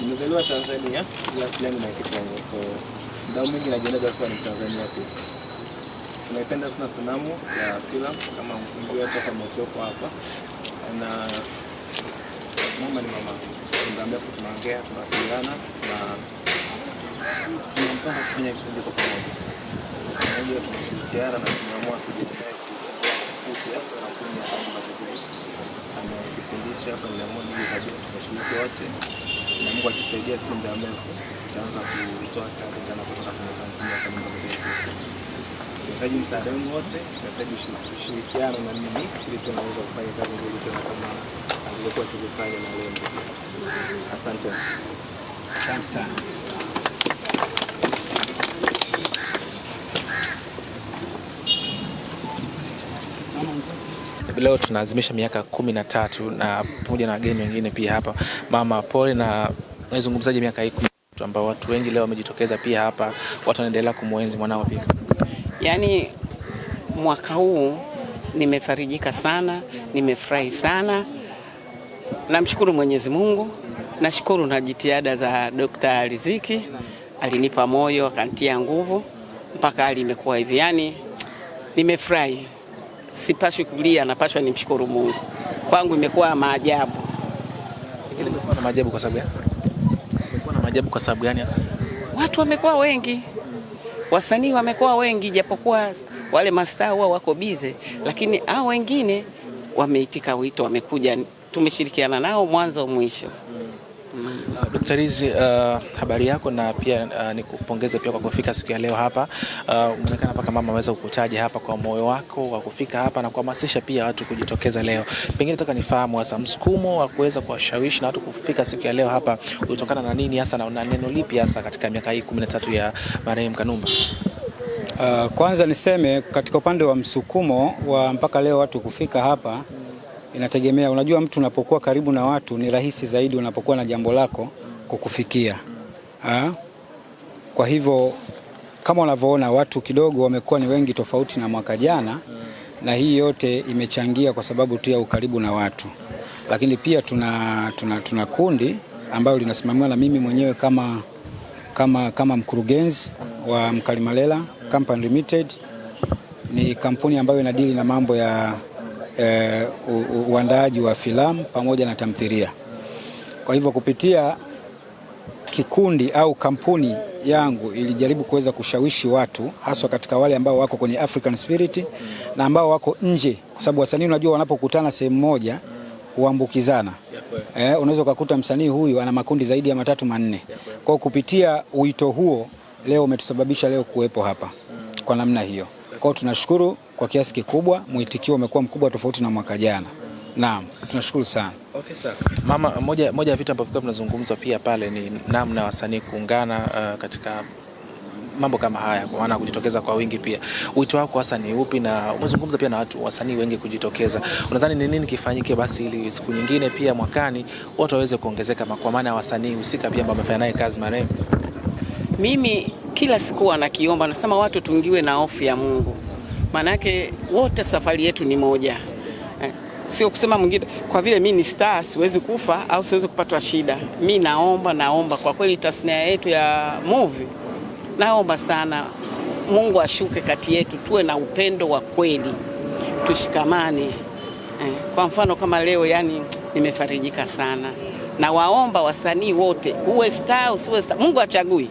Nimezaliwa Tanzania ila asili yangu ni Tanzania pia. Tunaipenda sana sanamu ya filamu kama mfunguo hapa na mama ni mama muda mrefu tunaongea, tunawasiliana na tunapanga kufanya vipindi kwa pamoja pamoja, tunashirikiana na tumeamua tujiandae hapa, nimeamua nije kabisa tutashiriki wote, na Mungu akisaidia, si muda mrefu tutaanza kutoa kazi tena kutoka kwenye kampuni ya Kanumba tunahitaji msaada wenu wote, tunahitaji ushirikiano na mimi ili tunaweza kufanya kazi nzuri tena kama alivyokuwa tukifanya na lengo. Asante, asante sana. Leo tunaazimisha miaka kumi na tatu na pamoja na wageni wengine pia hapa. Mama pole na naizungumzaje miaka hii ambao watu wengi leo wamejitokeza pia hapa, watu wanaendelea kumwenzi mwanao pia Yaani mwaka huu nimefarijika sana, nimefurahi sana, namshukuru Mwenyezi Mungu, nashukuru na jitihada za Dokta Riziki, alinipa moyo akantia nguvu mpaka hali imekuwa hivi. Yaani nimefurahi, sipashwi kulia, napashwa nimshukuru Mungu. Kwangu imekuwa maajabu. Imekuwa na maajabu kwa sababu gani? Watu wamekuwa wengi Wasanii wamekuwa wengi, japokuwa wale mastaa huwa wako bize, lakini hao wengine wameitika wito, wamekuja, tumeshirikiana nao mwanzo mwisho. Mtarizi, uh, habari yako na pia uh, nikupongeze pia kwa kufika siku ya leo hapa. Unaonekana uh, paka mama ameweza kukutaja hapa kwa moyo wako wa kufika hapa na kuhamasisha pia watu kujitokeza leo. Pengine nataka nifahamu hasa msukumo wa kuweza kuwashawishi na watu kufika siku ya leo hapa ulitokana na nini hasa na neno lipi hasa katika miaka hii 13 ya marehemu Kanumba? Uh, kwanza niseme katika upande wa msukumo wa mpaka leo watu kufika hapa mm. inategemea, unajua, mtu unapokuwa karibu na watu ni rahisi zaidi unapokuwa na jambo lako kukufikia ha? Kwa hivyo kama unavyoona watu kidogo wamekuwa ni wengi tofauti na mwaka jana, na hii yote imechangia kwa sababu tu ya ukaribu na watu, lakini pia tuna, tuna, tuna kundi ambayo linasimamiwa na mimi mwenyewe kama, kama, kama mkurugenzi wa Mkalimalela Company Limited. Ni kampuni ambayo inadili na mambo ya eh, uandaaji wa filamu pamoja na tamthilia. Kwa hivyo kupitia kikundi au kampuni yangu ilijaribu kuweza kushawishi watu haswa katika wale ambao wako kwenye African Spirit na ambao wako nje, kwa sababu wasanii unajua wanapokutana sehemu moja huambukizana. Eh, unaweza ukakuta msanii huyu ana makundi zaidi ya matatu manne. Kwa kupitia wito huo leo umetusababisha leo kuwepo hapa kwa namna hiyo. Kwa tunashukuru kwa kiasi kikubwa, mwitikio umekuwa mkubwa tofauti na mwaka jana. Naam, tunashukuru sana. Okay, sana. Mama, moja moja ya vitu ambavyo vinazungumzwa pia pale ni namna wasanii kuungana uh, katika mambo kama haya kwa maana kujitokeza kwa wingi pia. Wito wako hasa ni upi? Na umezungumza pia na watu wasanii wengi kujitokeza, unadhani ni nini kifanyike basi ili siku nyingine pia mwakani watu waweze kuongezeka, kwa maana ya wasanii husika pia ambao wamefanya naye kazi? Marehemu mimi kila siku wanakiomba nasema watu tungiwe na hofu ya Mungu, yake wote safari yetu ni moja sio kusema mwingine, kwa vile mi ni star siwezi kufa au siwezi kupatwa shida. Mi naomba naomba kwa kweli, tasnia yetu ya movie, naomba sana Mungu ashuke kati yetu, tuwe na upendo wa kweli, tushikamane. Eh, kwa mfano kama leo, yani nimefarijika sana na waomba wasanii wote, uwe star usiwe star, Mungu achagui.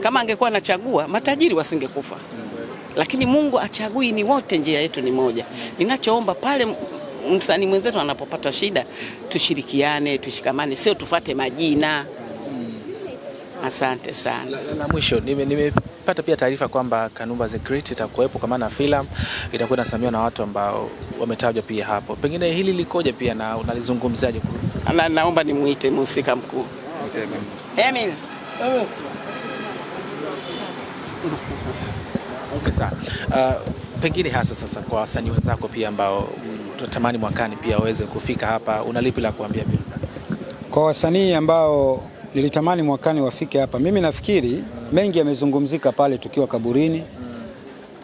Kama angekuwa anachagua matajiri wasingekufa, lakini Mungu achagui, ni wote, njia yetu ni moja. Ninachoomba pale msanii mwenzetu anapopata shida tushirikiane, tushikamane, sio tufate majina. Asante sana. La, la, la mwisho nimepata nime pia taarifa kwamba Kanumba the Great itakuwepo kwa maana filamu itakuwa inasimamiwa na watu ambao wametajwa pia hapo, pengine hili likoje pia na unalizungumzaje? Na, naomba nimuite mhusika mkuu Emil. Okay, sana. Uh, pengine hasa sasa kwa wasanii wenzako pia ambao tunatamani mwakani pia waweze kufika hapa. Una lipi la kuambia pia kwa wasanii ambao nilitamani mwakani wafike hapa? Mimi nafikiri mengi yamezungumzika pale tukiwa kaburini,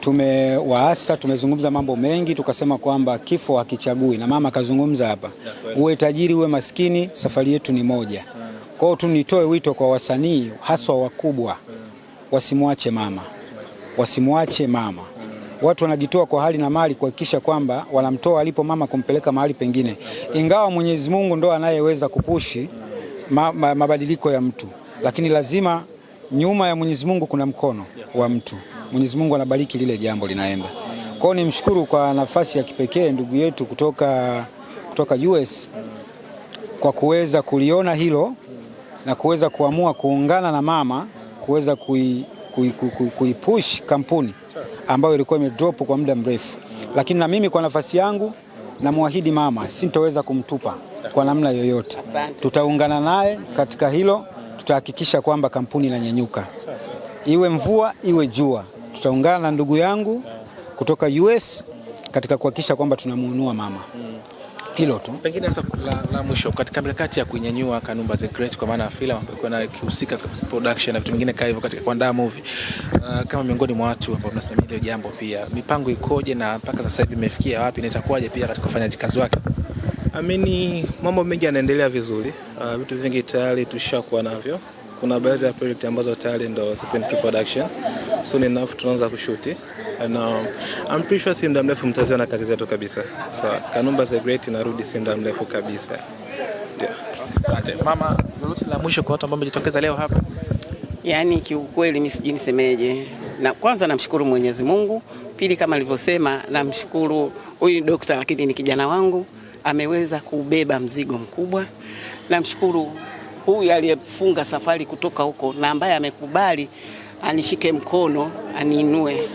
tumewaasa, tumezungumza mambo mengi, tukasema kwamba kifo hakichagui, na mama akazungumza hapa, uwe tajiri uwe maskini, safari yetu ni moja. Hmm. Kwa hiyo tu nitoe wito kwa wasanii haswa wakubwa, hmm. wasimwache mama, wasimwache mama watu wanajitoa kwa hali na mali kuhakikisha kwamba wanamtoa alipo mama kumpeleka mahali pengine, ingawa Mwenyezi Mungu ndo anayeweza kupushi ma, ma, mabadiliko ya mtu, lakini lazima nyuma ya Mwenyezi Mungu kuna mkono wa mtu. Mwenyezi Mungu anabariki lile jambo linaenda. Kwao nimshukuru kwa nafasi ya kipekee ndugu yetu kutoka, kutoka US kwa kuweza kuliona hilo na kuweza kuamua kuungana na mama kuweza kuipush kui, kui, kui kampuni ambayo ilikuwa imedrop kwa muda mrefu, lakini na mimi kwa nafasi yangu namwahidi mama sintoweza kumtupa kwa namna yoyote. Tutaungana naye katika hilo, tutahakikisha kwamba kampuni inanyenyuka, iwe mvua iwe jua. Tutaungana na ndugu yangu kutoka US katika kuhakikisha kwamba tunamuinua mama hilo tu. Pengine sasa la, la mwisho katika mikakati ya kuinyanyua Kanumba the Great kwa maana ya filamu ambayo na kuhusika production na vitu vingine kama hivyo katika kuandaa movie. Uh, kama miongoni mwa watu ambao mnasimamia hilo jambo pia mipango ikoje na mpaka sasa hivi imefikia wapi na itakuwaje pia katika ufanyaji kazi wake? Amini mambo mengi yanaendelea vizuri. Uh, vitu vingi tayari tushakuwa navyo. Kuna baadhi ya project ambazo tayari ndo zipo in pre-production. Soon enough tunaanza kushuti na I'm pretty sure si muda mrefu mtaziona kazi zetu kabisa. Sawa, Kanumba the Great inarudi si muda mrefu kabisa. Asante. Yeah. Mama, lolote la mwisho kwa watu ambao wamejitokeza leo hapa? Yaani kiukweli mimi sijui nisemeje. Na kwanza namshukuru Mwenyezi Mungu, pili kama alivyosema namshukuru huyu ni dokta lakini ni kijana wangu ameweza kubeba mzigo mkubwa. Namshukuru huyu aliyefunga safari kutoka huko na ambaye amekubali anishike mkono aniinue.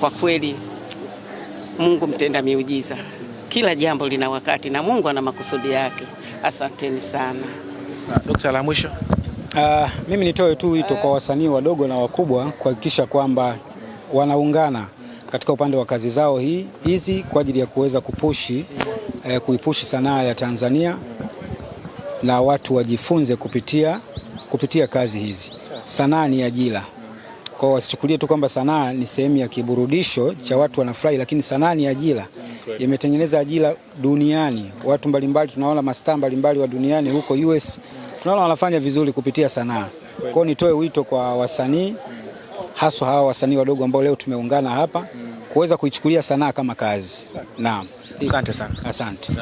Kwa kweli Mungu mtenda miujiza, kila jambo lina wakati na Mungu ana makusudi yake. Asanteni sana. Dokta, la mwisho. Uh, mimi nitoe tu wito kwa wasanii wadogo na wakubwa kuhakikisha kwamba wanaungana katika upande wa kazi zao hii hizi kwa ajili ya kuweza kupushi eh, kuipushi sanaa ya Tanzania na watu wajifunze kupitia, kupitia kazi hizi. Sanaa ni ajira kwa wasichukulie tu kwamba sanaa ni sehemu ya kiburudisho cha watu wanafurahi, lakini sanaa ni ajira, imetengeneza ajira duniani. Watu mbalimbali tunaona mastaa mbalimbali wa duniani huko US tunaona wanafanya vizuri kupitia sanaa. Kwao nitoe wito kwa wasanii haswa hawa wasanii wadogo ambao leo tumeungana hapa mm. kuweza kuichukulia sanaa kama kazi. Naam, asante sana, asante.